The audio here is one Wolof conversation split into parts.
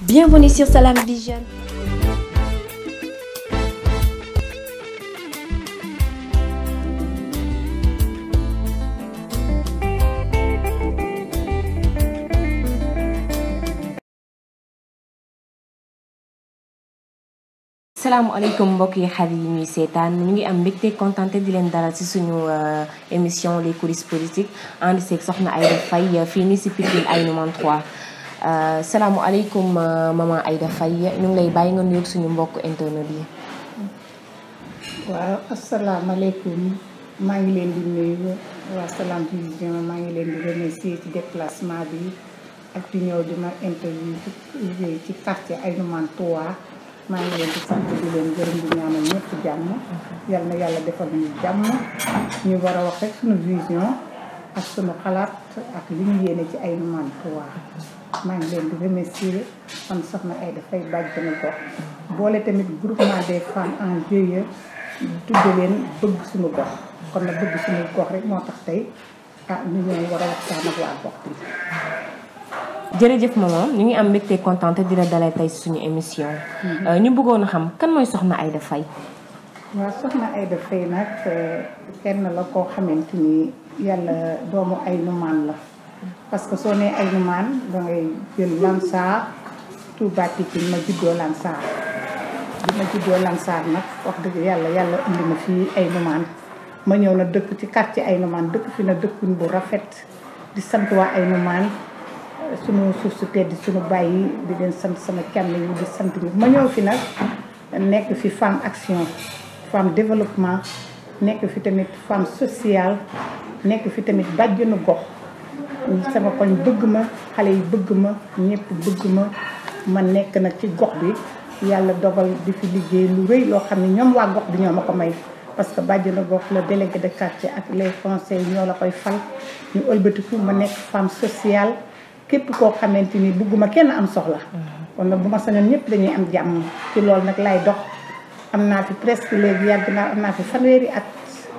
Bienvenue sur Salam Vision. salaamaaleykum mbokk yi xar yi ñuy seetaan ñu ngi am mbégte contenté di leen dalal ci suñu euh, émission les coulisses politiques ànd seeg soxna Aïda Faye euh, fii nii si Pikine Aïnou Mane 3 Euh, salaamualeykum euh, maman Aida Faye ñu ngi lay bàyyi nga nuyoog suñu mbokk internet yi. waaw asalaamaaleykum maa ngi leen di nuyu waa Salam Vision maa ngi leen di remercier ci déplacement bi ak di ñëw di ma interview ci quartier Aïnou Mane 3 maa ngi leen di sant di leen gërëm di ñaanal ñëpp jàmm yal na yàlla defal ñu jàmm ñu war a wax rek suñu vision ak suñu xalaat ak li ñu yéene ci Aïnou Mane 3 maa ngi leen di remercier man soxna ay dafay bàjjenu ko boole tamit groupement de femmes en GIE tudde leen bëgg suñu gox kon nag bëgg suñu gox rek moo tax tey ah ñooy war a waxtaan ak waa gox bi jërëjëf maman ñu ngi am mbégte contente dina dalay tey suñu émission euh, ñu bëggoon a xam kan mooy soxna ay Aïda Faye waaw soxna Aïda Faye nag euh, kenn la koo xamante ni yàlla doomu ay numaan la parce que soo nee Aynoumane da ngay jël Lansar Touba ci ma juddoo Lansar bi ma juddoo Lansar nag wax dëgg yàlla yàlla indi ma fii Aynoumane ma ñëw na dëkk ci ay Aynoumane dëkk fi na dëkkuñ bu rafet di sant waa ay Aynoumane sunu suuf su tedd sunu bàyyi di leen sant sama kenn yu di sant ñi ma ñëw fi nag nekk fi femme action femme développement nekk fi tamit femme sociale nekk fi tamit bàjjenu gox sama koñ bëgg ma xale yi bëgg ma ñëpp bëgg ma ma nekk nag ci gox bi yàlla dogal di fi liggéey lu rëy loo xam ne ñoom waa gox bi ñoo ma ko may parce que bàjj na gox la délégué de quartier ak les conseils ñoo la koy fal ñu ëlbatiku ma nekk femme sociale képp koo xamante ni bëgguma kenn am soxla kon bu ma sañoon ñëpp dañuy am jàmm ci loolu nag lay dox am naa fi presque léegi yàgg naa am naa fi fanweeri at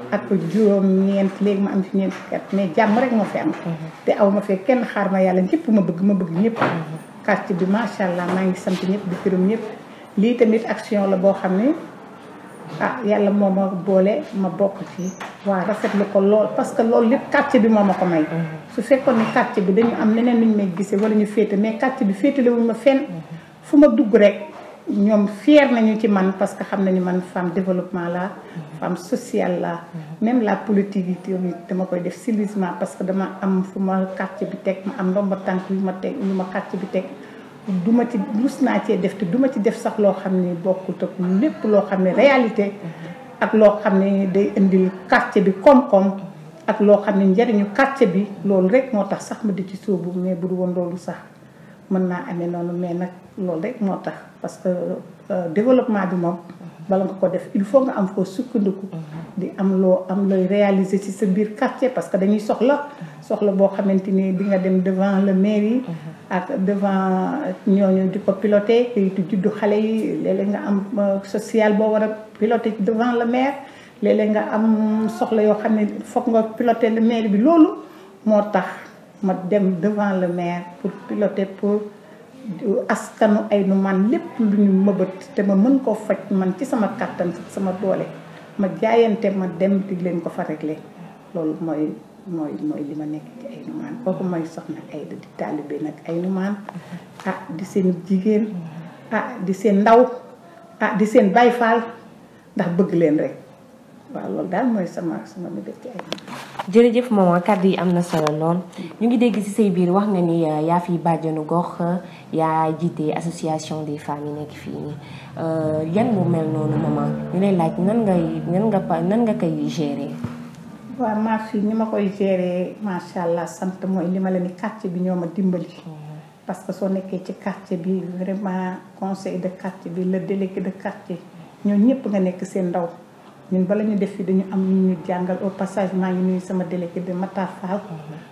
ak juróom-ñeent léegi ma am ci ñeent fukki at mais jàmm rek moo fi am. Mhm. te aw ma kenn xaar ma yàlla ñëpp ma bëgg ma bëgg ñëpp. Mhm. quartier bi macha allah maa ngi sant ñëpp di gërëm ñëpp lii tamit action la boo xam ne ah yàlla moo ma boole ma bokk ci. waa waaw rafetlu ko lool parce que loolu lépp quartier bi moom ma ko may. Mhm. su fekkoon ne quartier bi dañu am leneen lu ñu may gisee wala ñu féete mais quartier bi féetale wuñ ma fenn fu ma dugg rek. ñoom fier nañu ci man parce que xam nañu man femme développement la femme sociale la même la politique yi dama koy def civilisement parce que dama am fu ma quartier bi teg ma am ndomba tànk yu ma teg yu ma quartier bi teg du ma ci lus naa cee def te duma ci def sax loo xam ne bokkut ak lépp loo xam ne réalité ak loo xam ne day indil quartier bi koom ak loo xam ne njëriñu quartier bi loolu rek moo tax sax ma di ci sóobu mais bu du woon loolu sax mën naa amee noonu mais nag loolu rek moo tax parce que euh, développement bi moom bala nga ko def il faut nga am foo sukkandiku di am loo am looy réaliser ci sa biir quartier parce que dañuy soxla soxla boo xamante ni di nga dem devant le mairie ak devant ñooñu di ko piloté kayitu juddu xale yi léeg nga am euh, sociale boo war a piloté devant le maire léeg nga am soxla yoo xam ne foog nga piloté le maire bi loolu moo tax ma dem devant le maire pour piloter pour askanu ay nu man lépp lu ñu mëbët te ma mën koo faj man ci sama kàttan sama doole ma jaayante ma dem di leen ko fa réglé loolu mooy mooy li ma nekk ci ay nu maan kooku mooy soxna ay di taalibe nag ay nu ah di seen jigéen ah di seen ndaw ah di seen bayfaal ndax bëgg leen rek waaw loolu daal mooy sama sama mébét ci ay nu jërëjëf maman kàddu yi am na solo lool ñu ngi dégg ci say biir wax nga ni euh, yaa fi bàjjanu gox yaa jiite association des femmes yi nekk fii nii euh, yan mu mel noonu maman ñu lay laaj nan ngay nga pa nan nga koy gérer. waaw marché yi ni ma koy gérer macha allah sant mooy li ma la ni quartier bi ñoo ma dimbali. Mm-hmm. parce que soo nekkee ci quartier bi vraiment conseil de quartier bi le délégué de quartier ñoo ñëpp nga nekk seen ndaw. ñun bala ñu def fi dañu am lu ñu jàngal au passage maa ngi ñuy sama délégué de Matar Fall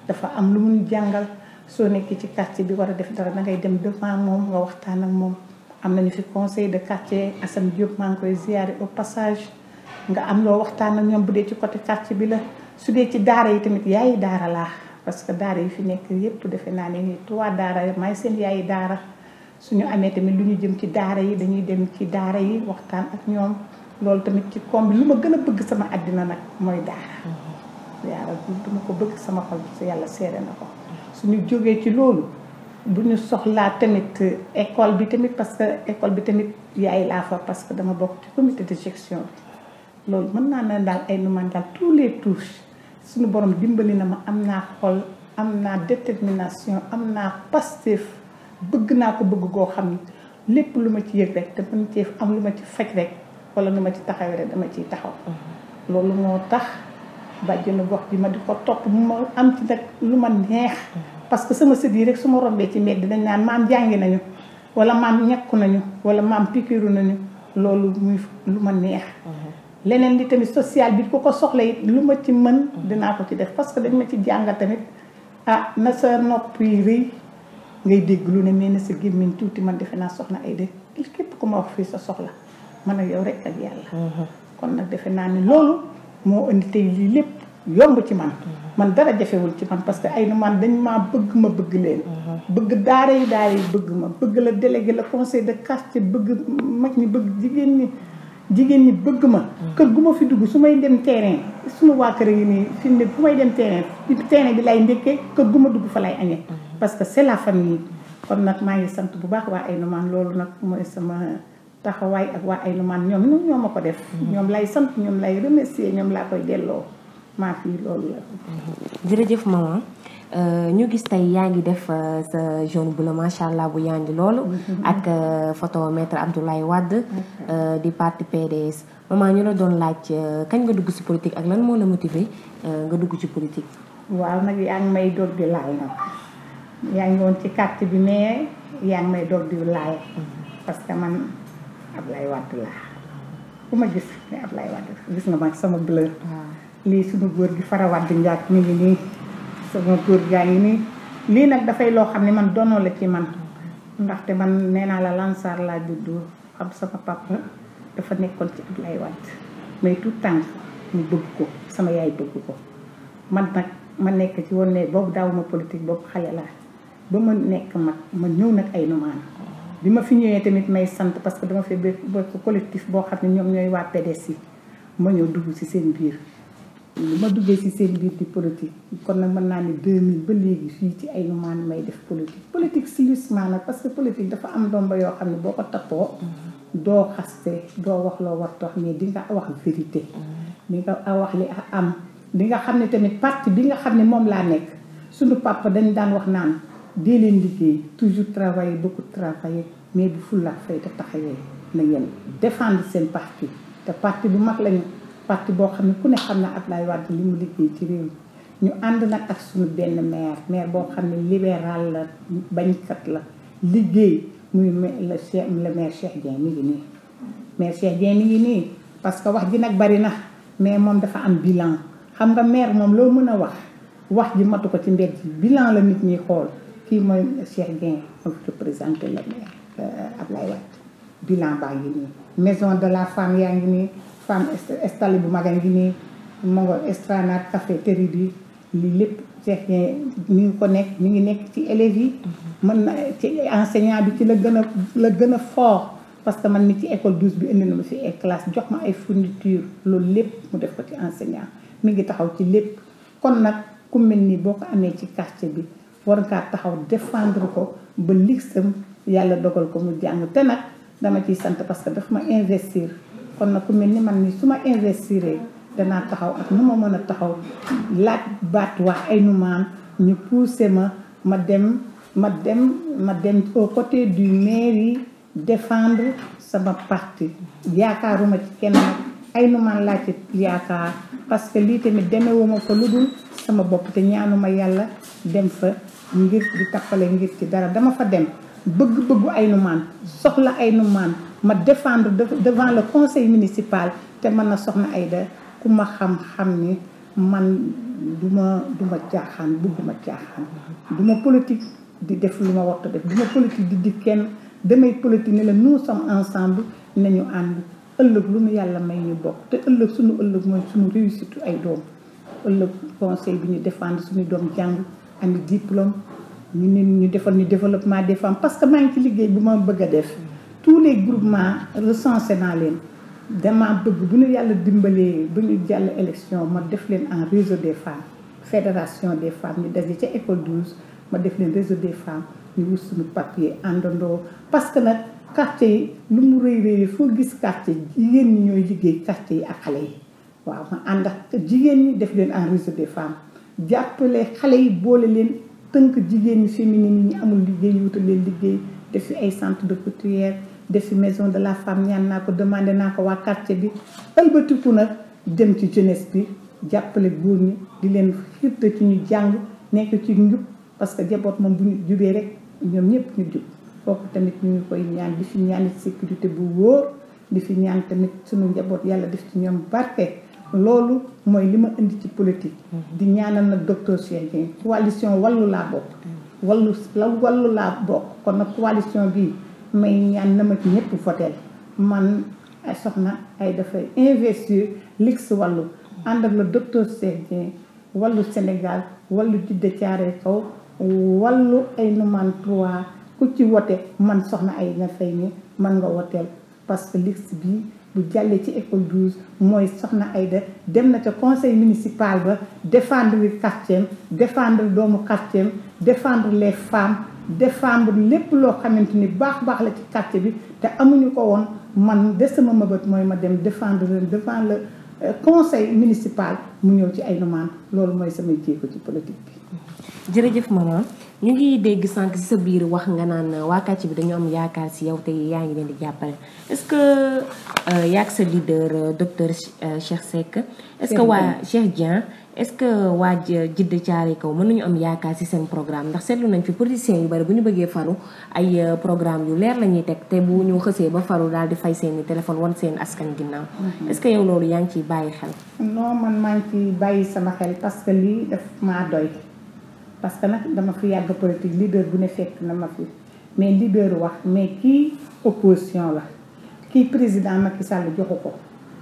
dafa am lu mu jàngal soo nekkee ci quartier bi war a def dara da ngay dem devant moom nga waxtaan ak moom. am nañu fi conseil de quartier Assane Diop maa ngi koy ziare au passage nga am loo waxtaan ak ñoom bu ci côté quartier bi la su dee ci daara yi tamit yaayi daara laa parce que daara yi fi nekk yépp defe naa ne nii trois daara maay seen yaayi daara su ñu amee tamit lu ñu jëm ci daara yi dañuy dem ci daara yi waxtaan ak ñoom. loolu tamit ci comme bi lu ma gën a bëgg sama àddina nag mooy daara mm-hmm. daara du ma ko bëgg sama xol su yàlla seere na ko suñu jógee ci loolu bu ñu soxlaa tamit école bi tamit parce que école bi tamit yaay laa fa parce que dama bokk ci comité de gestion bi loolu mën naa na daal ay numan daal tous les touches suñu borom dimbali na ma am naa xol am naa détermination am naa Pastef bëgg naa ko bëgg goo xam ne lépp lu ma ci yëg rek te mën cee am lu ma ci faj wala nu ma ci taxawee rek dama ciy taxaw mhm. loolu moo tax na gox bi ma di ko topp ma am ci nag lu ma neex mhm. parce que sama sët yi rek su ma rombee ci mbedd dañ naan maam jàngi nañu wala maam ñekku nañu wala maam pikiru nañu loolu muy lu ma neex mhm. leneen li tamit social bi ku ko soxla it lu ma ci mën dinaa ko ci def parce que dañ ma ci jànga tamit ah na sa nopp yi rëy ngay dégg lu ne mais na sa gémmiñ tuuti man defe naa soxna ay képp ku ma wax fii sa soxla man ak yow rek ak yàlla mhm. kon nag defe naa ni loolu moo indi tey lii lépp yomb ci man mhm. man dara jafewul ci man parce que ay nu man dañ maa bëgg ma bëgg leen mhm. bëgg daara yi daara yi bëgg ma bëgg la délégué la conseil de quartier bëgg mag ñi bëgg jigéen ni jigéen ñi bëgg ma kër gu ma fi dugg su may dem terrain suma waa kër ngi nii fi ne bu may dem terrain terrain bi lay ndékkee kër gu ma dugg fa lay añee parce que c'est la famille kon nag maa ngi sant bu baax waa ay nu loolu nag mooy sama taxawaay ak waa ay lumaan ñoom ñoom ñoo ma ko def. Mhm. ñoom lay sant ñoom lay remercier ñoom laa koy delloo maa fii loolu la. Mhm. jërëjëf maman euh, ñu gis tey yaa ngi def euh, sa jaune bu la macha allah bu yaa ngi loolu. Mhm. ak euh, photo maître Abdoulaye Wade. di parti PDS maman ñu la doon laaj kañ nga dugg si politique ak lan moo la motiver nga dugg ci politique. waaw nag yaa ngi may dog di laal nag yaa ngi woon ci carte bi mais yaa ngi may dog di laal parce man. Ablaye Wade laa ku ma gis ne Ablaye Wade gis nga ma sama bleur lii suñu góor gi farawaat Wade Ndiaye mi ngi nii sama góor gaa ngi nii lii nag dafay loo xam ne man doonoo la ci man ndaxte man nee naa la Lansar laa juddu xam sama papa dafa nekkoon ci lay Wade mais tout temps mu bëgg ko sama yaay bëgg ko man nag ma nekk ci woon ne boobu daawuma politique boobu xale laa ba ma nekk mag ma ñëw nag ay nomaana bi ma fi ñëwee tamit may sant parce que dama fi bokk collectif boo xam ne ñoom ñooy waa PDS yi ma ñëw dugg ci seen biir lu ma duggee ci seen biir di politique kon nag mën naa ne 2000 ba léegi fii ci ay maan may def politique politique sérieusement nag parce que politique dafa am domba yoo xam ne boo ko tappoo mm-hmm. doo xaste doo wax loo wartu wax mais di nga wax vérité mm-hmm. di nga wax li am di nga xam ne tamit parti bi nga xam ne moom laa nekk suñu papa dañ daan wax naan dee leen liggéey toujours travailler beaucoup travailler mais bu fulla ak te taxawee na ngeen défendre seen parti te parti bu mag lañu parti boo xam ne ku ne xam na Abdoulaye Wade li mu liggéey ci réew ñu ànd nag ak suñu benn maire maire boo xam ne libéral la bañkat la liggéey muy le Cheikh le maire Cheikh Dieng mi ngi nii maire Cheikh Dieng mi ngi nii parce que wax ji nag bari na mais moom dafa am bilan xam nga maire moom loo mën a wax wax ji matu ko ci mbedd bilan la nit ñi xool kii mooy Cheikh Dieng moo fi la euh, Ablaye Wade bilan baa de la femme yaa ngi nii femme installée bu mag a ngi nii ma ngo Esplanade café teri bi lii lépp Cheikh Dieng mi ngi ko nekk mi ngi nekk ci élèves yi mm-hmm. mën na ci enseignant bi ci la gën a la gën a fort parce que man mi ci école douze bi indi na ma fi ay classe jox ma ay fourniture loolu lépp mu def ko ci enseignant mi ngi taxaw ci lépp kon nag ku mel nii boo ko amee ci quartier bi war ngaa taxaw défendre ko ba ligsam yàlla dogal ko mu jàng te nag dama ciy sant parce que daf ma investir kon nag ku mel ni man ni su ma investiree danaa taxaw ak nu ma mën a taxaw laaj baat waa ay nu ñu poussé ma ma dem ma dem ma dem au côté du mairie défendre sama parti yaakaaruma ci kenn ay nu maam laa ci yaakaar parce que lii tamit demewuma ko lu dul sama bopp te ñaanuma yàlla dem fa ngir di tappale ngir ci dara dama fa dem bëgg-bëggu ay numaan soxla ay numaan ma défendre devant le conseil municipal te man na ay Aida ku ma xam-xam ni man du ma du ma caaxaan bugguma caaxaan du ma di def lu ma warta def di di kenn damay politique ne la nous sommes ensemble nañu ànd ëllëg lu nu yàlla may ñu bokk te ëllëg suñu ëllëg mooy suñu réussite ay doom ëllëg conseil bi ñu défendre suñu doom jàng ami diplôme ñu ne ñu defal ni développement des femmes parce que maa ngi ci liggéey bu ma bëgg a def tous les groupements recensé naa leen dama bëgg bu ñu yàlla dimbalee bu ñu jàll élection ma def leen en réseau des femmes fédération des femmes ñu daje ca école 12 ma def réseau des femmes ñu wut suñu papier àndandoo parce que nag quartier yi lu mu rëy rëy foo gis quartier jigéen ñi ñooy liggéey quartier yi ak xale yi waaw ma ànd ak jigéen ñi def leen en réseau des femmes jàppale xale yi boole leen tënk jigéen ñi ni yi ñu amul liggéey ñu wutal leen liggéey def fi ay centre de couturière def fi maison de la femme ñaan naa ko demandé naa ko waa quartier bi ëlbatiku nag dem ci jeunesse bi jàppale góor ñi di leen xiirta ci ñu jàng nekk ci njub parce que jaboot moom bu ñu jubee rek ñoom ñëpp ñu jub kooku tamit ñu ngi koy ñaan di fi ñaan sécurité bu wóor di fi ñaan tamit suñu njaboot yàlla def ci ñoom barke loolu mooy li ma indi ci politique. Mhm. di ñaanal nag docteur Cheikh Dieng coalition wallu laa bokk. Mhm. wallu la wallu laa bokk kon nag coalition bi may ñaan na ma ci ñëpp votel man soxna ay dafay investir lig si wallu ànd ak la docteur Cheikh Dieng wallu Sénégal wallu jidde caare kaw wallu ay numéro 3 ku ci wote man soxna ay na fay ni man nga woteel parce que bi bu jàllee ci école 12 mooy soxna Aida dem na ca conseil municipal ba défendre li quartier défendre doomu quartier défendre les femmes défendre lépp loo xamante ni baax baax la ci quartier bi te amuñu ko woon man de sama mëbët mooy ma dem défendre leen devant le euh, conseil municipal mu ñëw ci ay nomades loolu mooy samay jéego ci politique bi. jërëjëf maman. ñu ngi dégg sànq si sa biir wax nga naan euh, waa quartier bi dañu am yaakaar si yow te yaa ngi leen di jàppale est-ce que euh, yaa ak sa leader euh, docteur Cheikh Seck. est-ce que waa Cheikh Dieng est-ce que waa Jidda Thiaroye Kaw mën nañu am yaakaar si seen programme ndax seetlu nañ fi politiciens yu bari bu ñu bëggee faru ay programme yu leer la ñuy teg te bu ñu xësee ba faru daal di fay seeni téléphone wan seen askan ginnaaw. Mhm. est-ce que yow loolu yaa ngi ciy bàyyi xel. noo man maa ngi ciy bàyyi sama xel parce que lii daf maa doy. parce que nag dama fi yàgg politique leader bu ne fekk na ma fi mais leader wax mais kii opposition la kii président Macky Sall joxu ko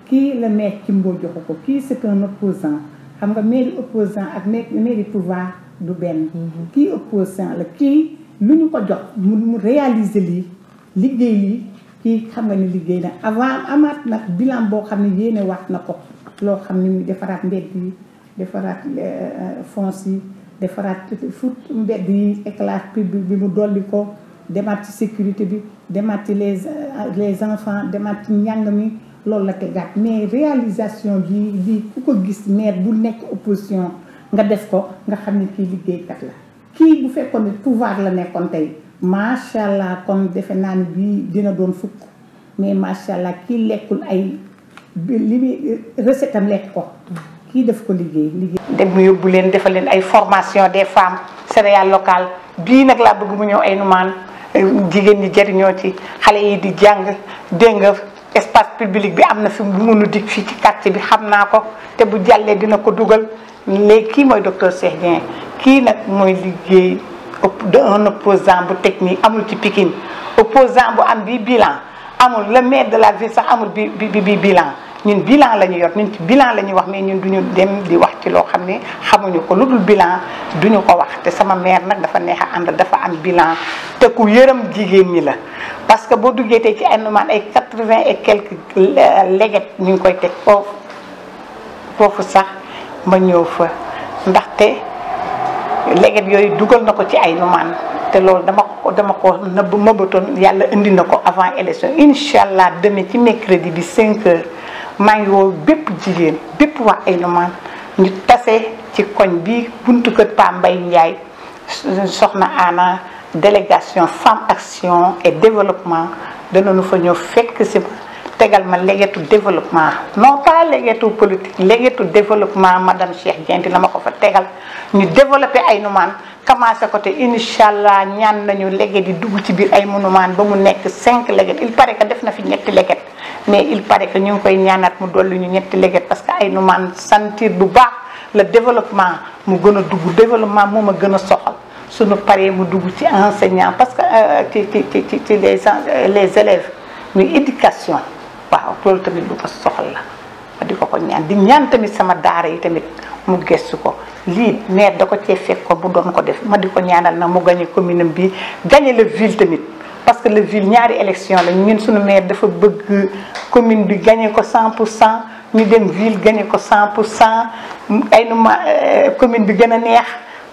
kii la maire Kimbo joxu ko kii c'est un opposant xam nga maire opposant ak maire pouvoir du benn kii mhm. opposant la kii lu ñu ko jox mu réaliser lii liggéey lii kii xam nga ne liggéey na avant amaat nag bilan boo xam ne yéene wax na ko loo xam ne mu defaraat mbedd yi defaraat euh, euh, fonds yi defaraat foot mbedd yi éclairage public bi mu dolli ko demaat ci sécurité bi demaat ci les euh, les enfants demaat ci njàng mi loolu la tegaat mais réalisation bi bi ku ko gis maire bu nekk opposition nga def ko nga xam ne kii liggéey liggéeykat la kii bu fekkoon ne pouvoir la nekkoon tey macha allah kon defe naa bi bii dina doon fukk mais macha allah kii lekkul ay li muy recette lekk ko kii def ko liggéey liggéey. dem yóbbu leen defal leen ay formation des femmes céréales local bii nag laa bëgg mu ñëw ay numaan jigéen ñi jariñoo ci xale yi di jàng dégg nga espace public bi am na fi bu mënu dig fii ci quartier bi xam naa ko te bu jàllee dina ko dugal léegi kii mooy docteur Cheikh kii nag mooy liggéey de un opposant bu technique amul ci Pikine opposant bu am bi bilan amul le maire de la ville sax amul bi bi bi bilan ñun bilan la ñu yor ñun ci bilan la ñuy wax mais ñun duñu dem di wax ci loo xam ne xamuñu ko lu dul bilan duñu ko wax te sama mère nag dafa neex a dafa am bilan te ku yërëm jigéen ñi la parce que boo duggee tey ci andumaan ay quatre-vingt et quelques euh, leget ñu ngi koy teg foofu foofu sax ma ñëw fa ndaxte leget yooyu dugal na ko ci ay numaan te loolu dama ko dama ko nëbb mëbatoon yàlla indi na ko avant élection incha allah demee ci mercredi bi 5 heures maa ngi woo bépp jigéen bépp wax ay lumaan ñu tase ci koñ bi buntu ko Pa Mbaye Ndiaye soxna Anna délégation femme action et développement danañu fa ñëw fekk si ma tegal ma légetu développement non pas légetu politique légetu développement madame Cheikh Dieng na ma ko fa tegal ñu développé ay numaan commencé ko te incha allah ñaan nañu léget di dugg ci biir ay monument ba mu nekk cinq léget il paraît que def na fi ñetti léget mais il paraît que ñu ngi koy ñaanaat mu dolli ñu ñetti léget parce que ay numaan sentir bu baax la développement mu gën a dugg développement moom ma gën a soxal suñu paree mu dugg ci enseignant parce que euh, ci ci ci ci les euh, élèves muy éducation waaw loolu tamit lu ko soxla ma di ko ko ñaan di ñaan tamit sama daara yi tamit mu gëstu ko lii maire da ko cee fekk ko bu doon ko def ma di ko ñaanal na mu gañe commune am bi gañe la ville tamit parce que la ville ñaari élection la ñun suñu maire dafa bëgg commune bi gañe ko cent pour cent ñu dem ville gañe ko cent pour cent ay nu ma euh, commune bi gën a neex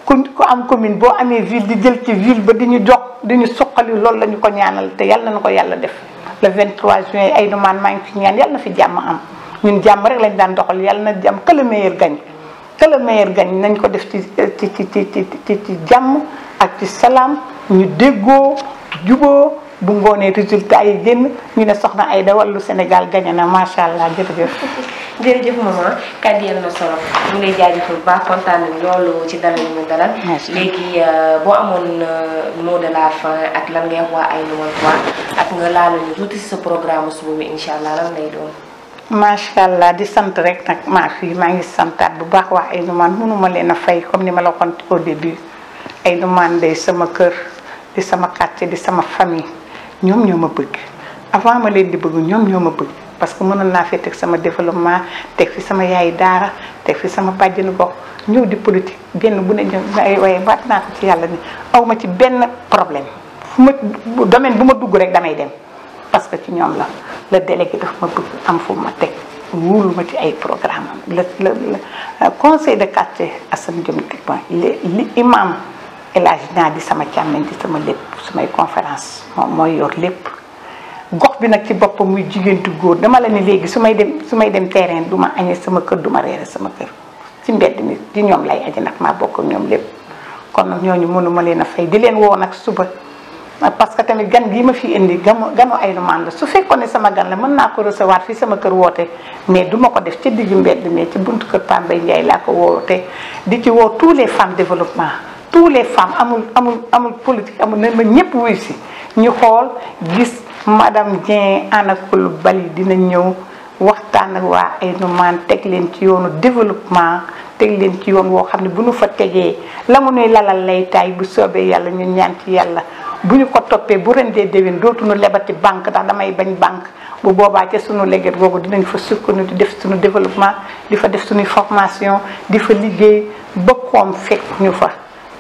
ku ku am commune boo amee ville di jël ci ville ba di ñu jox di ñu suqali loolu la ñu ko ñaanal te yàlla na ko yàlla def le 23 juin ay dumaan maa ngi fi ñaan yal na fi jàmm am ñun jàmm rek lañ daan doxal yal na jàmm que le meilleur gagne nañ ko def ci ci ci ci ci ci jàmm ak ci salaam ñu déggoo juboo bu ngoonee résultat yi génn ñu ne soxna Aida wàllu Sénégal gañe na macha allah jëf jërëjëf maman kàddu yàlla na solo ñu ngi lay jaajëfal bu baax kontaan nañu loolu ci dalal ñu dalal. léegi euh, boo amoon euh, mot de la ak lan ngay wax ay numéro 3 ak nga laal ñu tuuti si sa programme suba bi incha allah lan lay doon. macha allah di sant rek nag maa fii maa ngi santaat bu baax wax ay numaan mënuma leen a fay comme ni ma la waxoon au début ay numaan day sama kër di sama quartier di sama famille. ñoom ñoo ma bëgg avant ma leen di bëgg ñoom ñoo ma bëgg parce que mënoon naa fee teg sama développement teg fi sama yaay daara teg fi sama bàjjenu bokk ñëw di politique benn bu ne ay waaye waat naa ko ci yàlla ni aw ma ci benn problème fu ma domaine bu ma dugg rek damay dem parce que ci ñoom la la délégué daf ma bëgg am fu ma teg wóolu ma ci ay programme am la la conseil de quartier Assane Diom Decroix li imam El naa di sama càmmiñ di sama lépp samay conférence moom mooy yor lépp gox bi nag ci boppam muy jigéen góor dama la ne léegi su may dem su may dem terrain du ma añee sama kër du ma reere sama kër ci mbedd mi di ñoom lay aji nag maa bokk ñoom lépp kon nag ñooñu mënuma leen a fay di leen woo nag suba parce que tamit gan gii ma fi indi ganu ganu ay numaan la su fekkoon ne sama gan la mën naa ko recevoir fii sama kër woote mais duma ko def ci diggu mbedd mais ci buntu kër Pambay Ndiaye laa ko woote di ci woo tous les femmes développement tous les femmes amul amul amul politique amul na ma ñëpp wuy si ñu xool gis madame Dieng Anna Coulibaly dina ñëw waxtaan ak waa Aïnoumane teg leen ci yoonu développement teg leen ci yoon woo xam ne bu ñu fa tegee la mu nuy lalal lay taay bu soobee yàlla ñu ñaan ci yàlla bu ñu ko toppee bu rendee déwén dootuñu lebati banque ndax damay bañ banque bu boobaa ca sunu leget googu dinañ fa sukkandiku di def suñu développement di fa def suñuy formation di fa liggéey ba koom fekk fa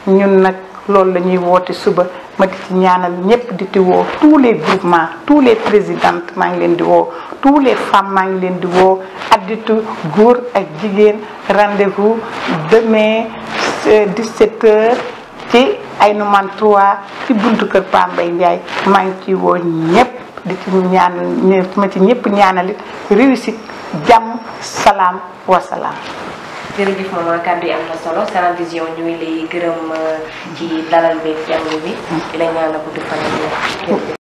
ñun nag loolu la ñuy woote suba ma di ci ñaanal ñëpp di ci woo tous les groupements tous les présidentes maa ngi leen di woo tous les femmes maa ngi leen di woo additu góor ak jigéen rendez-vous demain 17 euh, ci ay nu 3 ci buntu kër Pa Mbaye Ndiaye maa ngi ciy woo ñëpp di ci ñaan ma ci ñëpp ñaanalit réussite jàmm salaam wasalaam jërëjëf maman kàddu yi am na solo Salam Vision ñu gërëm euh, ci dalal bi jàng bi di la ñaanal ko di fan